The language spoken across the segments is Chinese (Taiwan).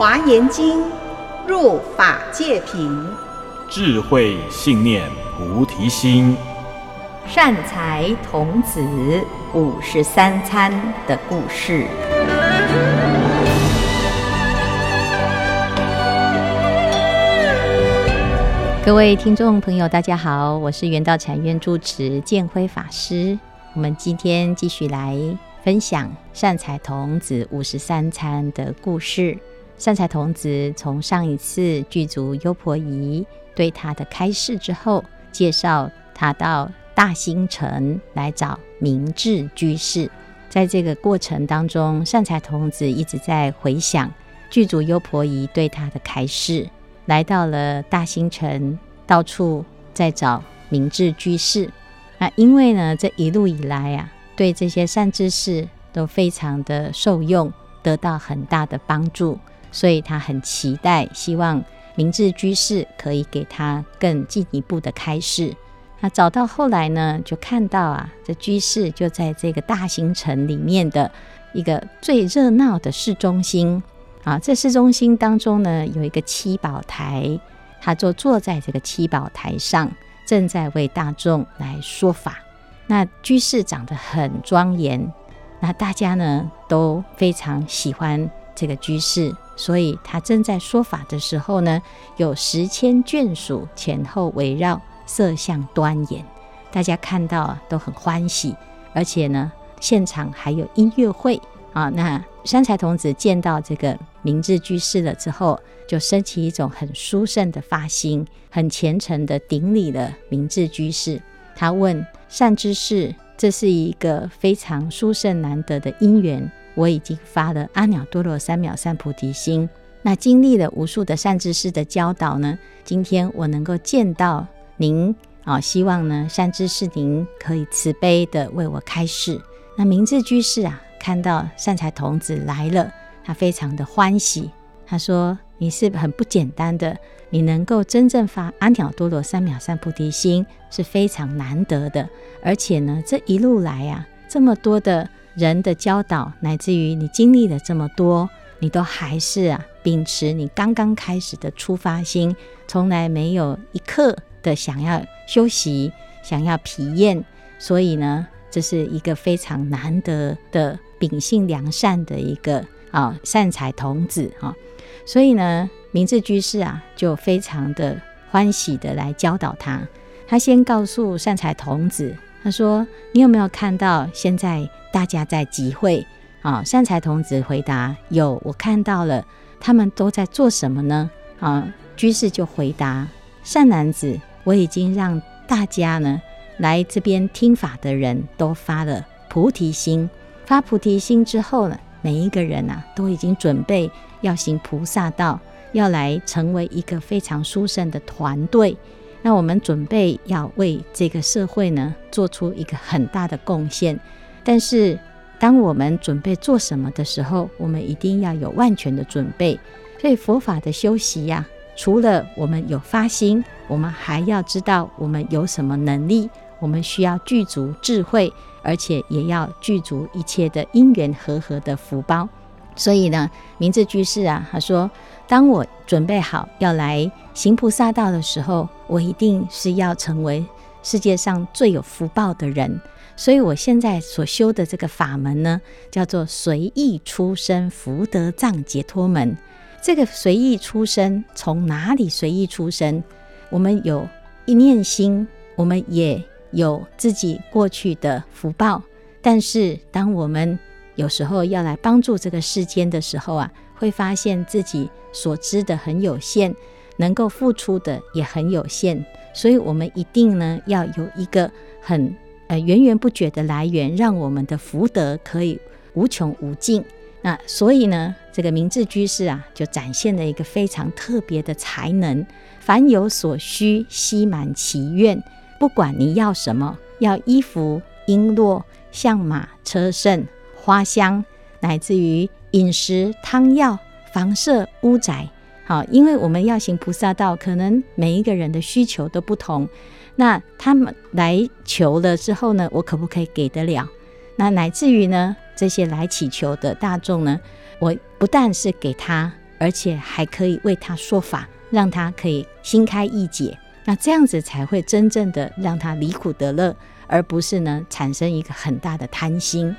華嚴經入法界品，智慧信念菩提心，善財童子五十三參的故事。各位聽眾朋友，大家好，我是圓道禪院住持見輝法師。我們今天繼續來分享善財童子五十三參的故事。善財童子從上一次具足優婆夷對他的開示之後，介紹他到大興城來找明智居士。在這個過程當中，善財童子一直在回想具足優婆夷對他的開示，來到了大興城，到處在找明智居士。那因為呢，這一路以來啊，對這些善知識都非常的受用，得到很大的幫助。所以他很期待，希望明智居士可以給他更進一步的開示。那找到後來呢，就看到啊，這居士就在這個大興城裡面的一個最熱鬧的市中心啊，這市中心當中呢，有一個七寶台，他就坐在這個七寶台上，正在為大眾來說法。那居士長得很莊嚴，那大家呢都非常喜歡這個居士。所以他正在說法的時候呢，有十千眷屬前後圍繞，色相端嚴，大家看到、啊、都很歡喜，而且呢，現場還有音樂會啊。那善財童子見到這個明智居士了之後，就升起一種很殊勝的發心，很虔誠的頂禮了明智居士。他問善知識，這是一個非常殊勝難得的因緣。我已經發了阿耨多羅三藐三菩提心，那經歷了無數的善知識的教導呢，今天我能夠見到您啊，哦，希望呢，善知識您可以慈悲的為我開示。那明智居士啊，看到善財童子來了，他非常的歡喜，他說，你是很不簡單的，你能夠真正發阿耨多羅三藐三菩提心是非常難得的，而且呢，這一路來啊，這麼多的。人的教導，乃至於你經歷了這麼多，你都還是啊，秉持你剛剛開始的出發心，從來沒有一刻的想要休息，想要疲厭。所以呢，這是一個非常難得的秉性良善的一個啊善財童子啊。所以呢，明智居士啊，就非常的歡喜地來教導他。他先告訴善財童子。他說：“你有沒有看到現在大家在集會？”啊，善財童子回答：“有，我看到了。他們都在做什麼呢？”啊，居士就回答：“善男子，我已經讓大家呢來這邊聽法的人都發了菩提心。發菩提心之後呢，每一個人吶、啊、都已經準備要行菩薩道，要來成為一個非常殊勝的團隊。”那我們準備要為這個社會呢做出一個很大的貢獻，但是當我們準備做什麼的時候，我們一定要有萬全的準備。所以佛法的修習呀、啊，除了我們有發心，我們還要知道我們有什麼能力，我們需要具足智慧，而且也要具足一切的因緣和合,合的福報。所以呢，明智居士啊，他說：“當我準備好要來行菩薩道的時候，我一定是要成為世界上最有福報的人。所以我現在所修的這個法門呢，叫做隨意出生福德藏解脫門。這個隨意出生，從哪裡隨意出生？我們有一念心，我們也有自己過去的福報，但是當我們……有時候要來幫助這個世間的時候啊，會發現自己所知的很有限，能夠付出的也很有限，所以，我們一定呢要有一個很呃源源不絕的來源，讓我們的福德可以無窮無盡。那所以呢，這個明智居士啊就展現了一個非常特別的才能，凡有所需，悉滿其願。不管你要什麼，要衣服、瓔珞、象馬、車乘、花香，乃至於飲食、湯藥、房舍、屋宅。好、哦，因為我們要行菩薩道，可能每一個人的需求都不同。那他們來求了之後呢，我可不可以給得了？那乃至於呢，這些來祈求的大眾呢，我不但是給他，而且還可以為他說法，讓他可以心開意解。那這樣子才會真正的讓他離苦得樂，而不是呢產生一個很大的貪心。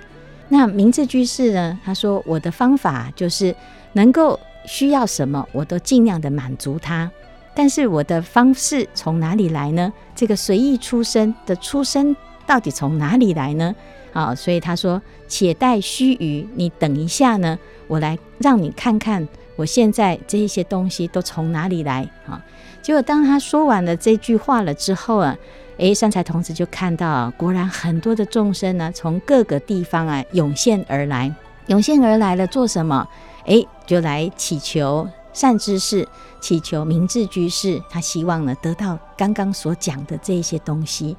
那明智居士呢？他說：“我的方法就是能夠需要什麼，我都盡量的滿足他。但是我的方式從哪裡來呢？這個隨意出生的出生到底從哪裡來呢？啊、哦，所以他說：‘且待須臾，你等一下呢，我來讓你看看我現在這些東西都從哪裡來。哦’啊，結果當他說完了這句話了之後啊。”哎，善財童子就看到啊，果然很多的眾生呢，從各個地方啊湧現而來，湧現而來了做什麼？哎，就來祈求善知識，祈求明智居士，他希望呢得到剛剛所講的這些東西。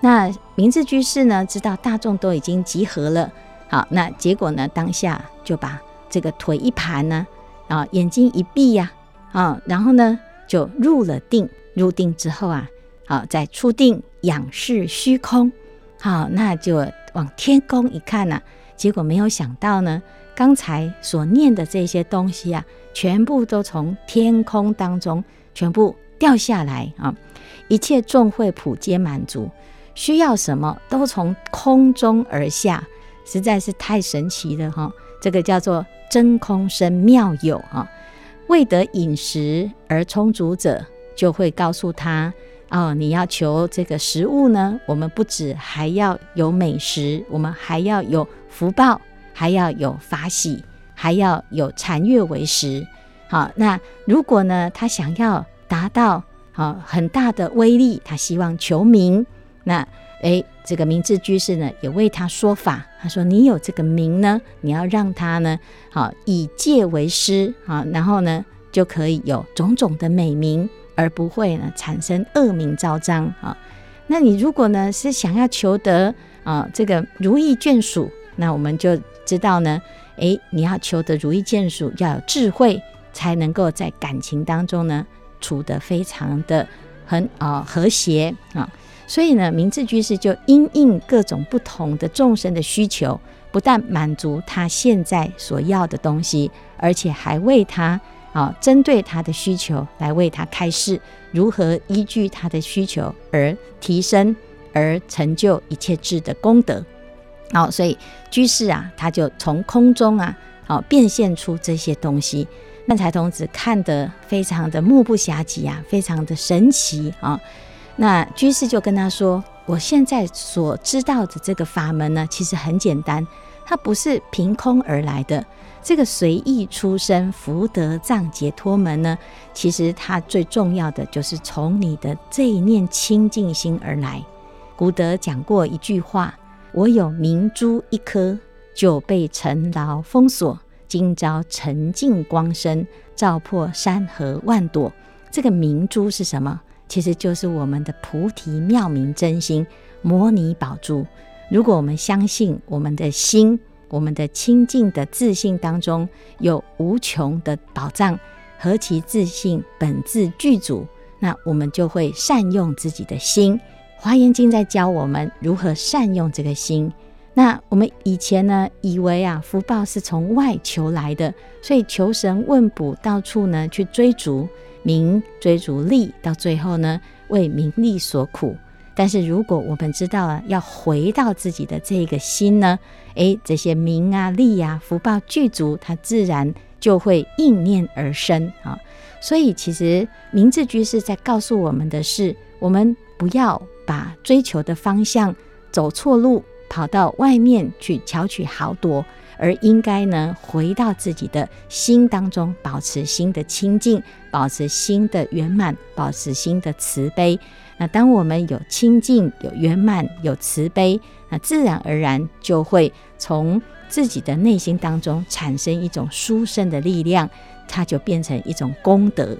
那明智居士呢，知道大眾都已經集合了，好，那結果呢，當下就把這個腿一盤呢、啊，啊，眼睛一閉呀、啊，啊，然後呢就入了定，入定之後啊。好、哦，在初定仰視虛空，好、哦，那就往天空一看、啊、結果沒有想到呢，剛才所念的這些東西啊，全部都從天空當中全部掉下來啊、哦，一切眾會普皆滿足，需要什麼都從空中而下，實在是太神奇了哈、哦！這個叫做真空生妙有啊、哦，為得飲食而充足者，就會告訴他。哦，你要求這個食物呢？我們不止還要有美食，我們還要有福報，還要有法喜，還要有禪悅為食。好，那如果呢，他想要達到啊、哦、很大的威力，他希望求名。那哎，這個明智居士呢，也為他說法。他說：“你有這個名呢，你要讓他呢，好、哦、以戒為師，然後呢，就可以有種種的美名。”而不會呢，產生惡名昭彰啊！那你如果呢，是想要求得啊、呃、這個如意眷屬，那我們就知道呢，誒、欸，你要求得如意眷屬，要有智慧，才能夠在感情當中呢，處得非常的很啊、呃、和諧啊。所以呢，明智居士就因應各種不同的眾生的需求，不但滿足他現在所要的東西，而且還為他。好，針對他的需求來為他開示，如何依據他的需求而提升而成就一切智的功德。好、哦，所以居士啊，他就從空中啊，好、哦、變現出這些東西。善財童子看得非常的目不暇給啊，非常的神奇啊、哦。那居士就跟他說：“我現在所知道的這個法門呢，其實很簡單，它不是憑空而來的。”這個隨意出生福德藏解脫門呢，其實它最重要的就是從你的這一念清淨心而來。古德講過一句話：“我有明珠一顆，就被塵勞封鎖。今朝塵盡光生，照破山河萬朵。”這個明珠是什麼？其實就是我們的菩提妙明真心，摩尼寶珠。如果我們相信我們的心。我們的清淨的自性當中有無窮的寶藏，何其自性本自具足，那我們就會善用自己的心。華嚴經在教我們如何善用這個心。那我們以前呢，以為啊，福報是從外求來的，所以求神問卜，到處呢去追逐名、追逐利，到最後呢為名利所苦。但是如果我們知道了，啊，要回到自己的這個心呢，誒，這些名啊、利啊、福報具足，它自然就會應念而生啊。所以其實明智居士在告訴我們的是，我們不要把追求的方向走錯路，跑到外面去巧取豪奪。而應該呢，回到自己的心當中，保持心的清淨，保持心的圓滿，保持心的慈悲。那當我們有清淨、有圓滿、有慈悲，那自然而然就會從自己的內心當中產生一種殊勝的力量，它就變成一種功德。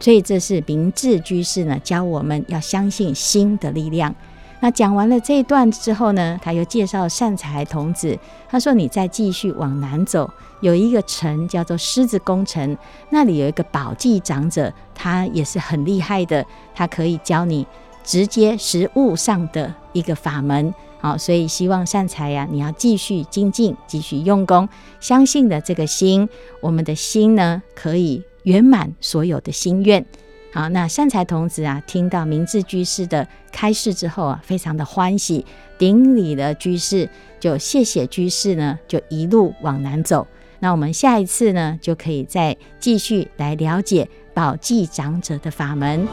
所以，這是明智居士呢教我們要相信心的力量。那講完了這一段之後呢，他又介紹了善財童子，他說：“你再繼續往南走，有一個城叫做獅子宮城，那裡有一個寶髻長者，他也是很厲害的，他可以教你直接實物上的一個法門。好，所以希望善財呀、啊，你要繼續精進，繼續用功，相信的這個心，我們的心呢，可以圓滿所有的心願。”好，那善財童子啊，聽到明智居士的開示之後啊，非常的歡喜，頂禮了居士，就謝謝居士呢，就一路往南走。那我們下一次呢，就可以再繼續來了解寶髻長者的法門。